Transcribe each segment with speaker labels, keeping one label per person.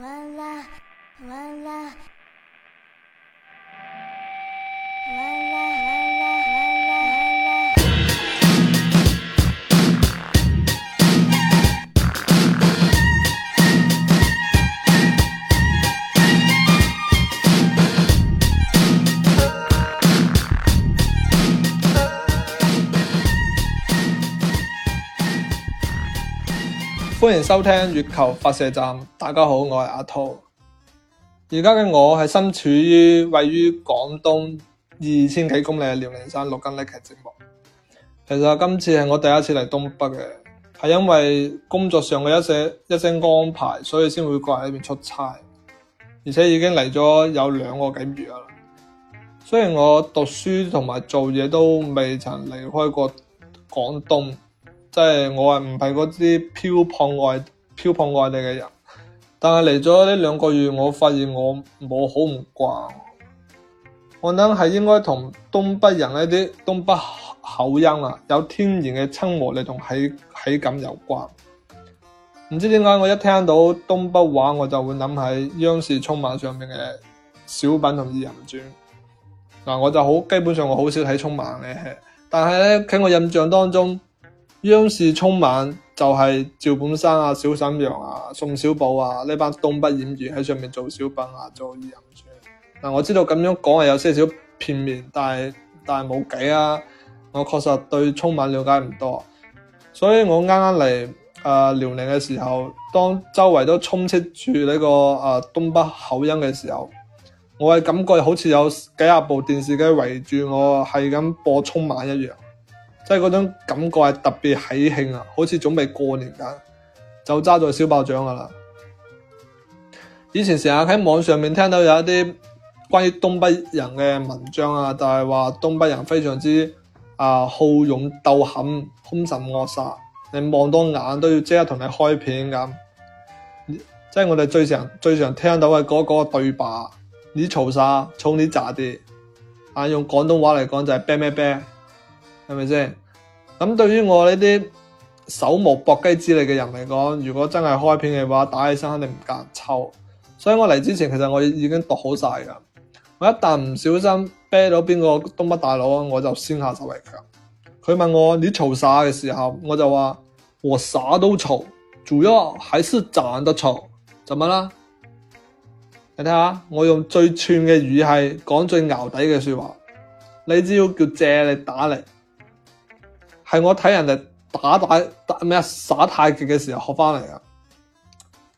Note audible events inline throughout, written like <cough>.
Speaker 1: 完了，完了。
Speaker 2: 歡迎收聽月球發射站，大家好，我係阿濤。而家嘅我係身處於位於廣東二千幾公里嘅遼寧山錄緊呢期節目。其實今次係我第一次嚟東北嘅，係因為工作上嘅一些一些安排，所以先會過嚟呢邊出差，而且已經嚟咗有兩個幾月啦。雖然我讀書同埋做嘢都未曾離開過廣東。即係我啊，唔係嗰啲，漂泊外漂泊外地嘅人，但係嚟咗呢兩個月，我發現我冇好唔慣。我諗係應該同東北人呢啲東北口音啊，有天然嘅親和力同喜喜感有關。唔知點解我一聽到東北話，我就會諗喺央視春晚上面嘅小品同二人轉。嗱、嗯，我就好基本上我好少睇春晚嘅，但係咧喺我印象當中，央視春晚就係趙本山啊、小沈陽啊、宋小寶啊，呢班東北演員喺上面做小品啊、做二人轉。嗱、啊、我知道咁樣講係有些少片面，但係但係冇計啊！我確實對春晚了解唔多，所以我啱啱嚟啊遼寧嘅時候，當周圍都充斥住呢個啊、呃、東北口音嘅時候，我係感覺好似有幾廿部電視機圍住我係咁播春晚一樣。即係嗰種感覺係特別喜慶啊，好似準備過年咁，就揸咗小爆仗噶啦！以前成日喺網上面聽到有一啲關於東北人嘅文章啊，就係、是、話東北人非常之啊好勇鬥狠、兇神惡煞，你望多眼都要即刻同你開片咁。即、就、係、是、我哋最常最常聽到嘅嗰個對白：你嘈啥？嘈你咋啲！啊用廣東話嚟講就係啤咩啤？呃呃呃呃呃係咪先咁？對,對於我呢啲手無搏雞之力嘅人嚟講，如果真係開片嘅話，打起身肯定唔夾抽。所以我嚟之前，其實我已經讀好晒噶。我一旦唔小心啤到邊個東北大佬，我就先下手為強。佢問我你嘈啥嘅時候，我就話我啥都嘈，主要還是賺得嘈。就乜啦？你睇下，我用最串嘅語氣講最淆底嘅說話，你只要叫借力打力。係我睇人哋打，打，打，打太打咩啊耍太極嘅時候學翻嚟啊！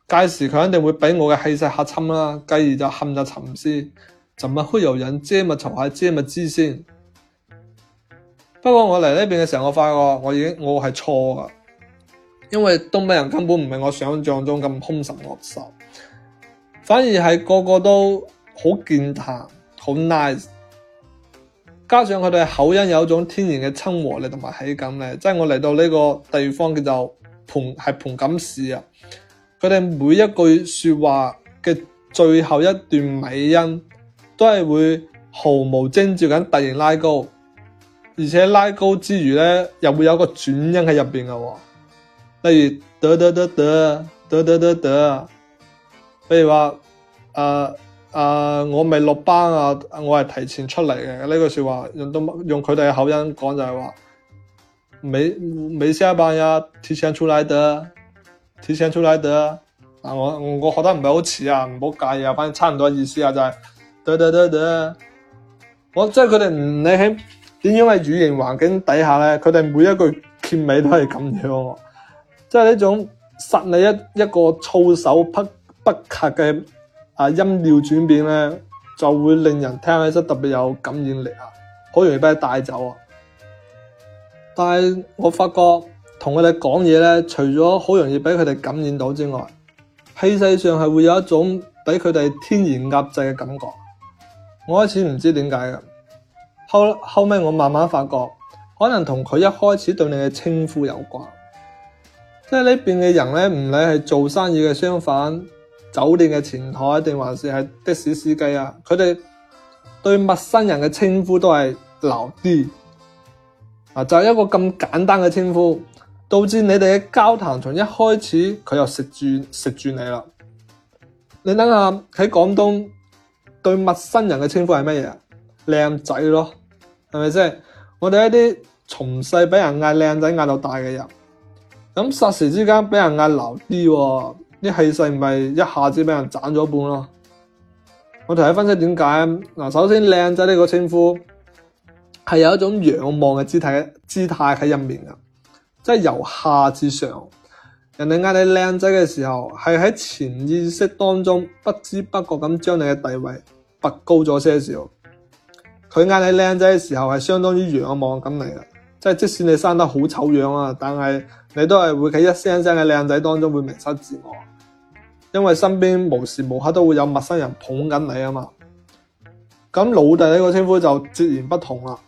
Speaker 2: 屆時佢肯定會俾我嘅氣勢吓親啦，繼而就陷入沉思，沉默虛柔忍，遮密藏下遮密知先。 <noise> 不過我嚟呢邊嘅時候，我發覺我已經我係錯㗎，因為東北人根本唔係我想象中咁凶神惡煞，反而係個個都好健談，好 nice。加上佢哋口音有一種天然嘅親和力同埋喜感咧，即係我嚟到呢個地方，佢就盤係盤錦市啊。佢哋每一句説話嘅最後一段尾音，都係會毫無徵兆咁突然拉高，而且拉高之餘咧，又會有個轉音喺入邊嘅喎。例如嘚嘚嘚嘚嘚嘚嘚嘚，得得得得，譬如話啊。呃啊！Uh, 我未落班啊！我係提前出嚟嘅。呢句說話用都用佢哋嘅口音講就係話：未未下班呀，提前出來的，提前出來的。啊！我我覺得唔係好似啊，唔好介意啊，反正差唔多意思啊，就係、對對對對。我即係佢哋，唔、就是、理喺點樣嘅語言環境底下咧？佢哋每一句結尾都係咁樣，即係呢種實你一一個措手不不及嘅。啊音調轉變咧，就會令人聽起身特別有感染力啊，好容易俾佢帶走啊。但係我發覺同佢哋講嘢咧，除咗好容易俾佢哋感染到之外，氣勢上係會有一種俾佢哋天然壓制嘅感覺。我開始唔知點解嘅，後後尾我慢慢發覺，可能同佢一開始對你嘅稱呼有關。即係呢邊嘅人咧，唔理係做生意嘅商販。酒店嘅前台定還是係的士司機啊？佢哋對陌生人嘅稱呼都係老弟，啊就係、是、一個咁簡單嘅稱呼，導致你哋嘅交談從一開始佢又食住食住你啦。你諗下喺廣東對陌生人嘅稱呼係乜嘢？靚仔咯，係咪先？我哋一啲從細俾人嗌靚仔嗌到大嘅人，咁霎時之間俾人嗌老弟，啲氣勢唔係一下子俾人斬咗一半咯。我同你分析點解。嗱，首先靚仔呢個稱呼係有一種仰望嘅姿態姿態喺入面嘅，即係由下至上。人哋嗌你靚仔嘅時候，係喺潛意識當中不知不覺咁將你嘅地位拔高咗些少。佢嗌你靚仔嘅時候，係相當於仰望咁嚟嘅，即係即使你生得好醜樣啊，但係你都係會喺一聲聲嘅靚仔當中會迷失自我。因為身邊無時無刻都會有陌生人捧緊你啊嘛，咁老弟呢個稱呼就截然不同啦。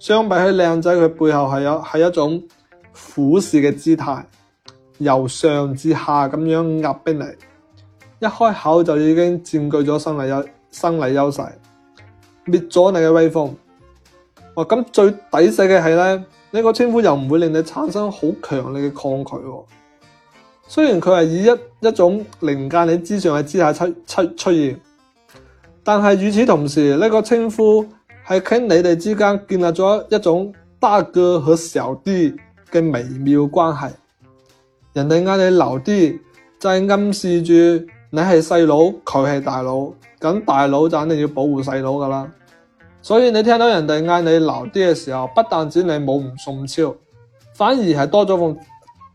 Speaker 2: 相比起靚仔，佢背後係有係一種俯視嘅姿態，由上至下咁樣壓迫你。一開口就已經佔據咗生理優生理優勢，滅咗你嘅威風。哇，咁最抵死嘅係咧，呢個稱呼又唔會令你產生好強烈嘅抗拒。雖然佢係以一一種凌駕你之上嘅姿態出出出現，但係與此同時，呢個稱呼係喺你哋之間建立咗一種大哥和小弟嘅微妙關係。人哋嗌你老弟，就係暗示住你係細佬，佢係大佬，咁大佬就肯定要保護細佬噶啦。所以你聽到人哋嗌你老弟嘅時候，不但止你冇唔送超，反而係多咗份。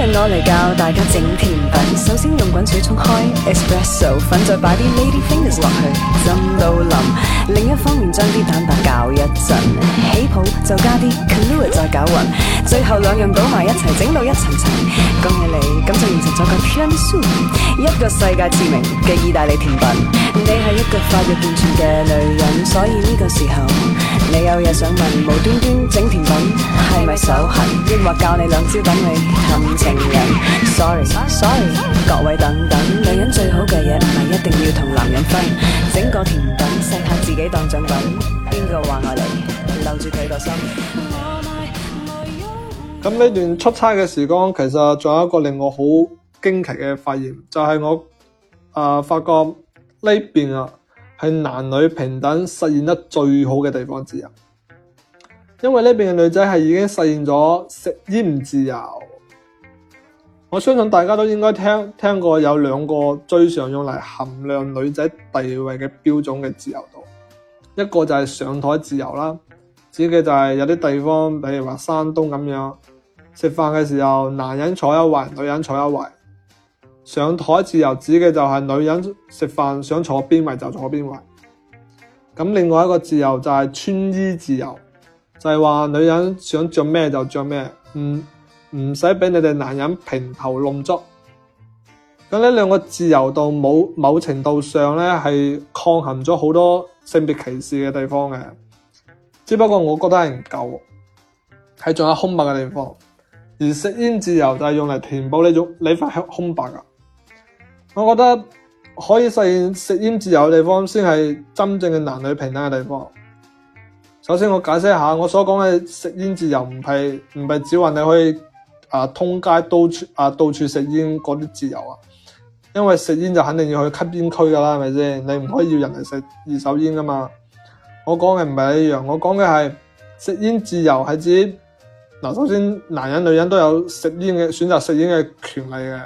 Speaker 1: 我嚟教大家整甜品，首先用滾水沖開 espresso 粉，再擺啲 lady fingers 落去浸到淋。另一方面將啲蛋白攪一陣，起泡就加啲 glue 再攪勻。最後兩樣倒埋一齊，整到一層層。恭喜你，咁就完成咗個 tiramisu，一個世界知名嘅意大利甜品。你係一個發育健全嘅女人，所以呢個時候。你有嘢想問？無端端整甜品係咪手痕？抑或教你兩招等你氹情人？Sorry Sorry，各位等等，女人最好嘅嘢唔係一定要同男人分，整個甜品食下自己當獎品。邊個話我嚟？留住佢個心。
Speaker 2: 咁呢段出差嘅時光，其實仲有一個令我好驚奇嘅發現，就係我啊發覺呢邊啊，係男女平等實現得最好嘅地方之一，因為呢邊嘅女仔係已經實現咗食煙自由。我相信大家都應該聽聽過有兩個最常用嚟衡量女仔地位嘅標準嘅自由度，一個就係上台自由啦，指嘅就係有啲地方，比如話山東咁樣，食飯嘅時候男人坐一圍，女人坐一圍。上枱自由指嘅就係女人食飯想坐邊位就坐邊位。咁另外一個自由就係穿衣自由，就係話女人想着咩就着咩，唔唔使俾你哋男人評頭論足。咁呢兩個自由度，某某程度上咧係抗衡咗好多性別歧視嘅地方嘅，只不過我覺得係唔夠，喺仲有空白嘅地方。而食煙自由就係用嚟填補呢種呢塊空白嘅。我覺得可以實現食煙自由嘅地方，先係真正嘅男女平等嘅地方。首先我釋，我解釋下我所講嘅食煙自由唔係，唔係指話你可以啊通街到處啊到處食煙嗰啲自由啊，因為食煙就肯定要去吸煙區噶啦，係咪先？你唔可以要人嚟食二手煙噶嘛。我講嘅唔係一樣，我講嘅係食煙自由係指嗱，首先男人女人都有食煙嘅選擇，食煙嘅權利嘅。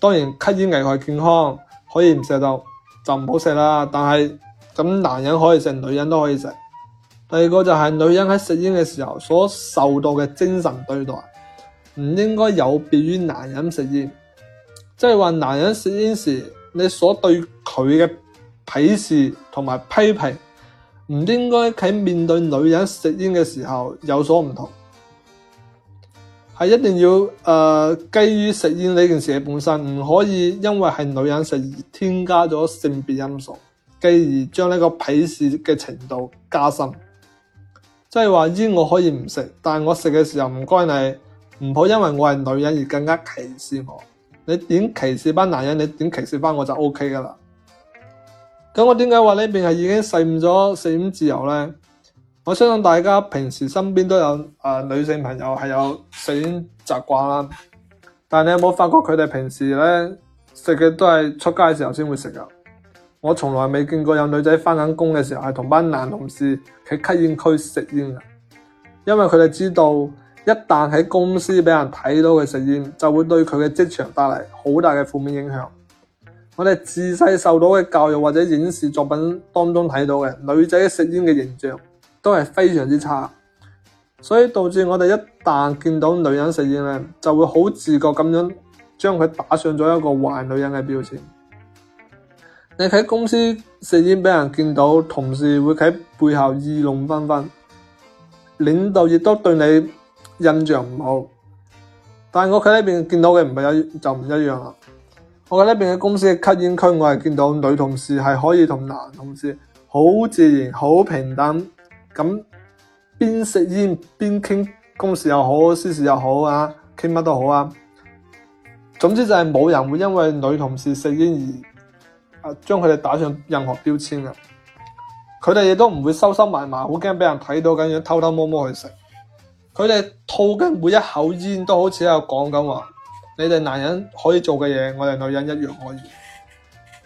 Speaker 2: 當然吸煙危害健康，可以唔食到就唔好食啦。但係咁男人可以食，女人都可以食。第二個就係、是、女人喺食煙嘅時候所受到嘅精神對待，唔應該有別於男人食煙。即係話男人食煙時，你所對佢嘅鄙視同埋批評，唔應該喺面對女人食煙嘅時候有所唔同。係一定要，誒、呃，基於食煙呢件事本身，唔可以因為係女人食而添加咗性別因素，繼而將呢個鄙視嘅程度加深。即係話，煙我可以唔食，但我食嘅時候唔該你，唔好因為我係女人而更加歧視我。你點歧視班男人，你點歧視翻我就 O K 噶啦。咁我點解話呢邊係已經食唔咗食煙自由呢？我相信大家平時身邊都有誒、呃、女性朋友係有食煙習慣啦，但你有冇發覺佢哋平時咧食嘅都係出街嘅時候先會食啊？我從來未見過有女仔翻緊工嘅時候係同班男同事喺吸煙區食煙啊，因為佢哋知道一旦喺公司俾人睇到嘅食煙，就會對佢嘅職場帶嚟好大嘅負面影響。我哋自細受到嘅教育或者影視作品當中睇到嘅女仔食煙嘅形象，都係非常之差，所以導致我哋一旦見到女人食煙咧，就會好自覺咁樣將佢打上咗一個壞女人嘅標籤。你喺公司食煙俾人見到，同事會喺背後議論紛紛，領導亦都對你印象唔好。但我喺呢邊見到嘅唔係一就唔一樣啦。我喺呢邊嘅公司嘅吸煙區，我係見到女同事係可以同男同事好自然、好平等，咁邊食煙邊傾公事又好，私事又好啊，傾乜都好啊。總之就係冇人會因為女同事食煙而啊，將佢哋打上任何標籤嘅。佢哋亦都唔會收收埋埋，好驚俾人睇到咁樣偷偷摸摸去食。佢哋吐緊每一口煙，都好似喺度講緊話：你哋男人可以做嘅嘢，我哋女人一樣可以。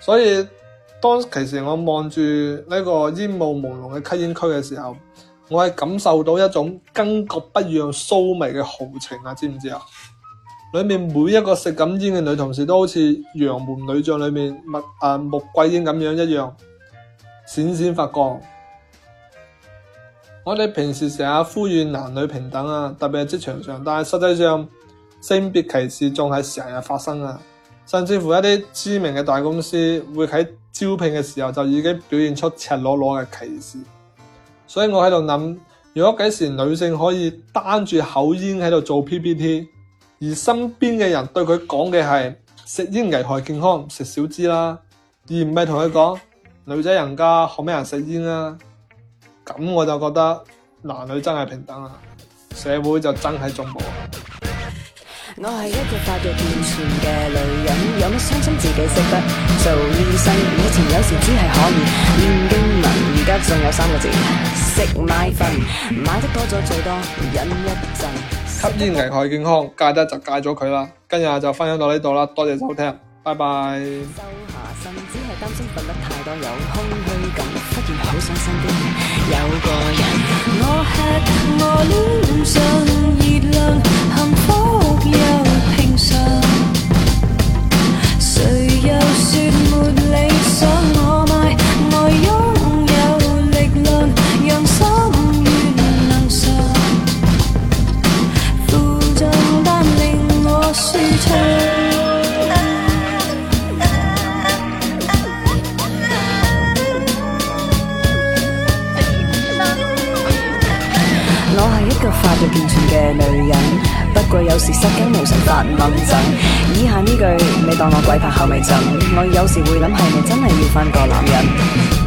Speaker 2: 所以。當其時我望住呢個煙霧朦朧嘅吸煙區嘅時候，我係感受到一種巾幗不讓須眉嘅豪情啊！知唔知啊？裏面每一個食緊煙嘅女同事都好似《楊門女將》裏面啊木、啊穆桂英咁樣一樣閃閃發光。我哋平時成日呼籲男女平等啊，特別係職場上，但係實際上性別歧視仲係成日發生啊！甚至乎一啲知名嘅大公司會喺招聘嘅時候就已經表現出赤裸裸嘅歧視，所以我喺度諗，如果幾時女性可以單住口煙喺度做 PPT，而身邊嘅人對佢講嘅係食煙危害健康，食少支啦，而唔係同佢講女仔人家學咩人食煙啊，咁我就覺得男女真係平等啦，社會就真係進步。
Speaker 1: 我係一個發育健全嘅女人，有乜傷心自己識得做醫生。以前有時只係可以念經文，而家仲有三個字：食奶粉，買得多咗最多忍一
Speaker 2: 陣。吸煙危害健康，戒得就戒咗佢啦。今日就分享到呢度啦，多謝收聽，拜拜。
Speaker 1: 收下甚至擔心，只係擔心瞓得太多，有空虛感，忽然好想身邊有個人。我吃，我臉上熱量，幸福。說沒理想我，我賣我擁有力量，讓心願能順，負重擔令我舒暢。我係一個發育健全嘅女人，不過有時失驚無神發夢陣。以下呢句，你當我鬼拍後尾枕。我有時會諗，係咪真係要翻個男人？